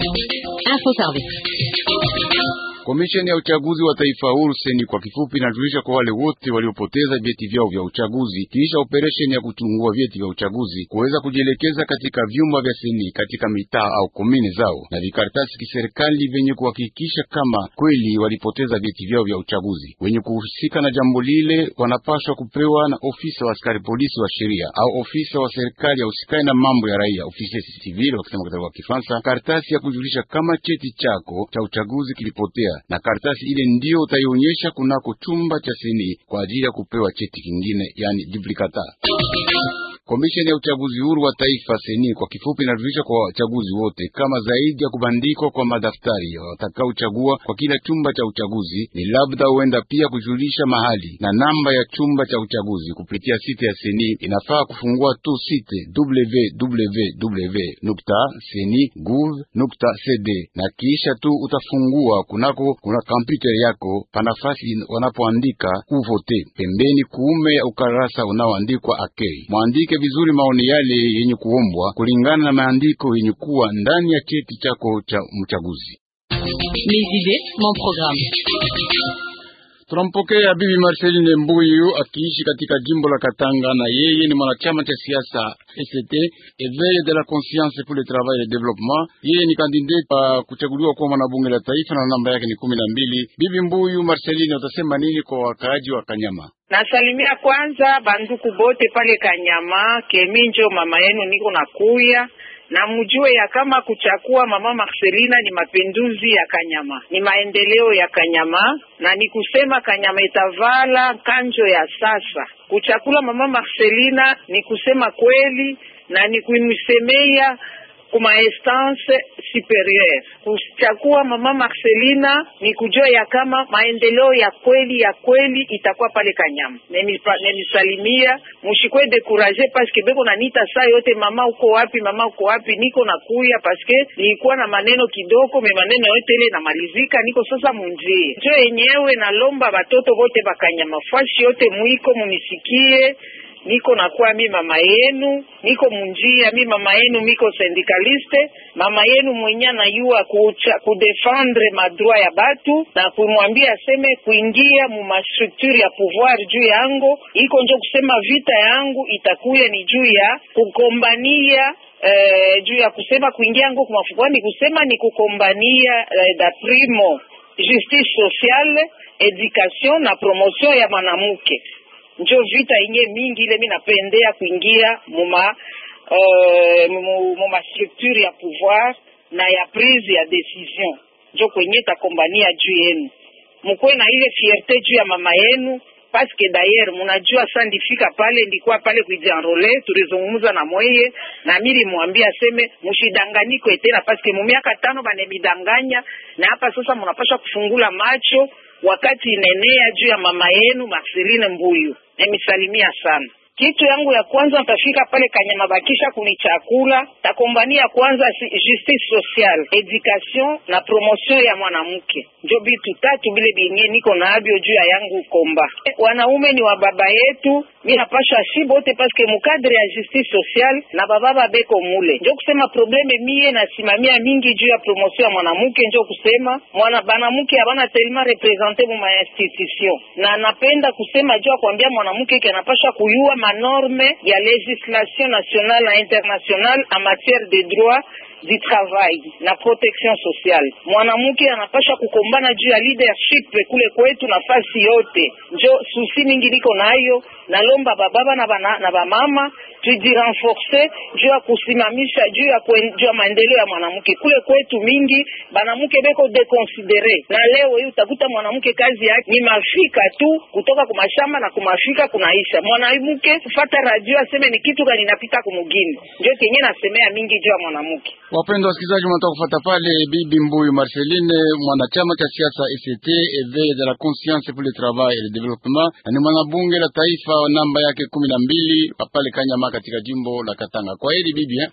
Info Service. Komisheni ya uchaguzi wa taifa huru seni kwa kifupi inajulisha kwa wale wote waliopoteza vyeti vyao vya uchaguzi kisha operesheni ya kuchungua vyeti vya uchaguzi kuweza kujielekeza katika vyumba vya seni katika mitaa au komini zao na vikaratasi kiserikali vyenye kuhakikisha kama kweli walipoteza vyeti vyao vya uchaguzi. Wenye kuhusika na jambo lile wanapaswa kupewa na ofisa wa askari polisi wa sheria au ofisa wa serikali ya usikai na mambo ya raia ofisi civil, wakisema kwa Kifaransa, karatasi ya kujulisha kama cheti chako cha uchaguzi kilipotea na karatasi ile ndiyo utaionyesha kunako chumba cha seni kwa ajili ya kupewa cheti kingine, yani duplicata Komisheni ya uchaguzi huru wa taifa seni kwa kifupi inarudisha kwa wachaguzi wote kama zaidi ya kubandikwa kwa madaftari ya watakaochagua kwa kila chumba cha uchaguzi, ni labda huenda pia kujulisha mahali na namba ya chumba cha uchaguzi kupitia site ya seni. Inafaa kufungua tu site www.seni.gov.cd na kisha tu utafungua kunako kuna kompyuta yako panafasi wanapoandika kuvote, pembeni kuume ya ukarasa unaoandikwa akei mwandike uandike vizuri maoni yale yenye kuombwa kulingana na maandiko yenye kuwa ndani ya cheti chako cha mchaguzi. Tunampokea Bibi Marceline Mbuyu akiishi katika jimbo la Katanga, na yeye ni mwanachama cha siasa ST Eveille de la Conscience pour le Travail et le Développement. Yeye ni kandidati kwa ah, kuchaguliwa kuwa mwanabunge la taifa na namba yake ni kumi na mbili. Bibi Mbuyu Marceline, utasema nini kwa wakaaji wa Kanyama? Nasalimia kwanza banduku bote pale Kanyama, Keminjo mama yenu niko nakuya na mjue ya kama kuchakua mama Marcelina ni mapinduzi ya Kanyama, ni maendeleo ya Kanyama, na ni kusema Kanyama itavala kanjo ya sasa. Kuchakula mama Marcelina ni kusema kweli na ni kuimsemea kuma instance superieur. Kuchagua mama Marcelina ni kujua ya kama maendeleo ya kweli ya kweli itakuwa pale Kanyama. Nemisalimia mushikwe dekuraje paske beko nanita saa yote, mama uko wapi? Mama uko wapi? Niko nakuya paske nilikuwa na maneno kidogo me maneno yote ile namalizika, niko sasa munjie njo yenyewe. Nalomba batoto bote bakanyama fashi yote mwiko munisikie niko nakuwa mi mama yenu, niko munjia mi mama yenu, miko syndikaliste mama yenu mwenye anayua kudefendre madroit ya batu na kumwambia aseme kuingia mumastrukture ya pouvoir juu yangu, iko njo kusema vita yangu itakuya ni juu ya kukombania eh, juu ya kusema kuingia yangu kumafukua ni kusema ni kukombania eh, da primo justice sociale education na promotion ya mwanamke njo vita yenye mingi ile mi napendea kuingia muma uh, muma structure ya pouvoir na ya prise ya decision, njo kwenye takombania juu yenu, mkuwe na ile fierte juu ya mama yenu paske dayer munajua saa ndifika pale ndikuwa pale kujianrole, tulizungumza na mweye na mili mwambia aseme mushidanganikwe tena, paske mumiaka tano banemidanganya, na hapa sasa munapasha kufungula macho wakati inenea juu ya mama yenu Marceline Mbuyu. Nimisalimia sana kitu yangu ya kwanza nitafika pale Kanyama, bakisha kuni chakula takombania kwanza justice sociale, education na promotion ya mwanamke, njo bitu tatu bile binye niko na abyo juu ya yangu komba. Wanaume ni wa baba yetu, mi napasha shi bote paske mukadre ya justice sociale na bababa beko mule, njo kusema probleme miye nasimamia mingi juu ya promotion ya mwanamke, njo kusema mwana banamuke abana telma represente mu institution, na napenda kusema juu ya kuambia mwanamke ke anapasha kuyua manorme ya législation nationale na internationale en matière de droit du travail na protection sociale. Mwanamke anapasha kukombana juu ya leadership kule kwetu na fasi yote. Njo susi mingi niko nayo, nalomba bababa na bana, na bamama tujirenforce juu ya kusimamisha juu ya juu ya maendeleo ya mwanamke kule kwetu. Mingi banamke beko deconsidere, na leo hii utakuta mwanamke kazi yake ni mafika tu kutoka kumashamba na kumafika kunaisha mwanamke kufata radio aseme ni kitu gani napita kumugini, ndio kenye nasemea mingi juu ya mwanamke. Wapendwa wasikilizaji, mnataka kufuata pale bibi Mbuyu Marceline, mwanachama cha siasa ECT Eveil de la Conscience pour le Travail et le Développement, ni mwanabunge la taifa namba yake kumi na mbili pale Kanyama katika jimbo la Katanga. Kwa heri bibi eh?